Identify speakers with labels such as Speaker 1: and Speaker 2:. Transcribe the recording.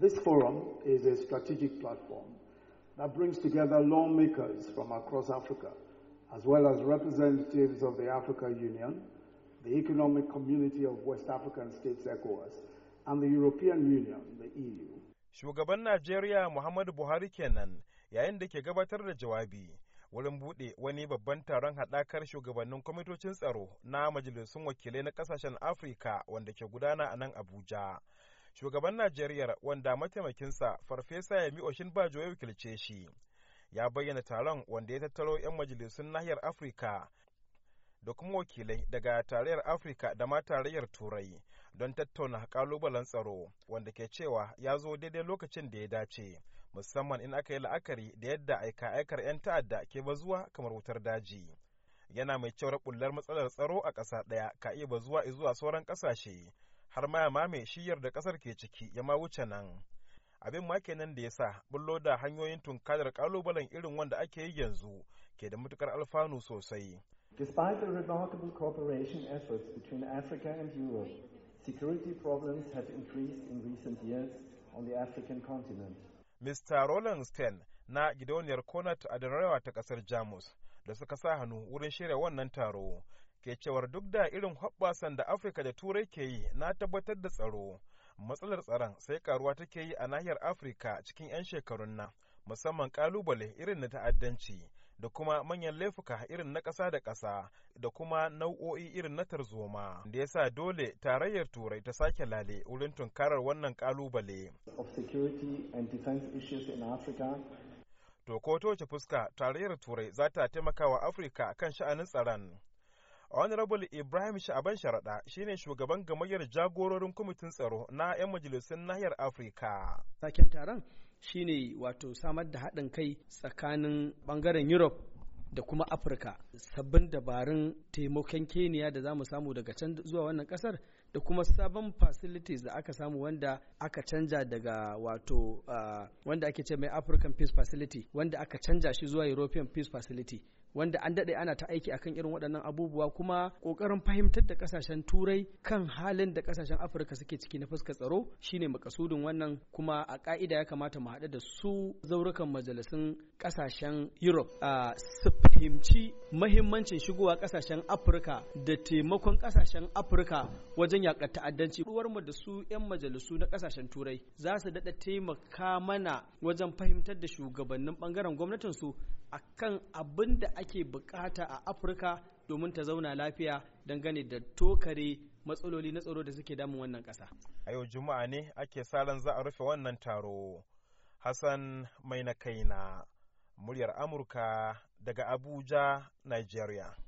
Speaker 1: This forum is a strategic platform that brings together lawmakers from across Africa, as well as representatives of the Africa Union, the Economic Community of West African States ECOWAS, and the European Union, the EU. Shugaban Najeriya Muhammadu Buhari kenan yayin da ke gabatar da jawabi wurin buɗe wani babban taron haɗakar shugabannin kwamitocin tsaro na majalisun wakilai na ƙasashen Afirka wanda ke gudana a nan Abuja. shugaban najeriya wanda mataimakinsa farfesa ya yami oshin bajo ya wakilce shi ya bayyana taron wanda ya tattaro 'yan majalisun nahiyar afirka da kuma wakilai daga tarayyar afirka da ma tarayyar turai don tattauna kalubalen tsaro wanda ke cewa ya zo daidai lokacin da ya dace musamman in aka yi la'akari da yadda aika-aikar 'yan ta'adda ke bazuwa kamar wutar daji yana mai cewar bullar matsalar tsaro a ƙasa ɗaya ka iya bazuwa zuwa sauran ƙasashe har ma ya mame shiyar da kasar ke ciki ya ma wuce nan abin ma kenan da ya sa bullo da hanyoyin tunkadar kalubalen irin wanda ake yi yanzu ke da matukar alfanu sosai Despite the remarkable
Speaker 2: cooperation
Speaker 1: efforts between Africa and Europe, security problems have increased in recent years on the African continent. Mr. Roland Stein na gidauniyar Konat a ta kasar Jamus da suka sa hannu wurin shirya wannan taro ke cewar duk da irin hoɓɓasan da Afirka da Turai ke yi na tabbatar da tsaro, matsalar tsaron sai karuwa take yi a nahiyar Afirka cikin 'yan shekarun nan, musamman ƙalubale irin na ta'addanci. da kuma manyan laifuka irin na ƙasa da ƙasa da kuma nau'o'i irin na tarzoma da ya sa dole tarayyar turai ta sake lale wurin tunkarar wannan ƙalubale. To ko fuska tarayyar turai za ta taimaka wa Afirka kan sha'anin tsaron. Honorable Ibrahim Sha'aban Sharaɗa shine shugaban gamayyar jagororin kwamitin tsaro na 'yan majalisun nahiyar
Speaker 2: Afirka. Saken taron shine wato samar da haɗin kai tsakanin ɓangaren Europe da kuma Afirka sabbin dabarun taimakon Keniya da za mu samu daga can zuwa wannan ƙasar da kuma sabon facilities da aka samu wanda aka canja daga wato ah, wanda ake ce mai African Peace Facility wanda aka canja shi zuwa European Peace Facility wanda an daɗe ana ta aiki akan irin waɗannan abubuwa kuma ƙoƙarin fahimtar da ƙasashen turai kan halin da ƙasashen afirka suke ciki na fuskar tsaro shine makasudin wannan kuma a ƙa'ida ya kamata mu haɗu da su zaurukan majalisun ƙasashen europe a su fahimci mahimmancin shigowa ƙasashen afirka da taimakon ƙasashen afirka wajen yaƙar ta'addanci mu da su 'yan majalisu na ƙasashen turai za su daɗa taimaka mana wajen fahimtar da shugabannin ɓangaren gwamnatinsu akan abin da ake bukata a afirka domin ta zauna lafiya dangane da tokare matsaloli na tsaro da suke damun wannan kasa.
Speaker 1: a yau juma'a ne ake sa ran za a rufe wannan taro hassan mai na kaina muryar amurka daga abuja nigeria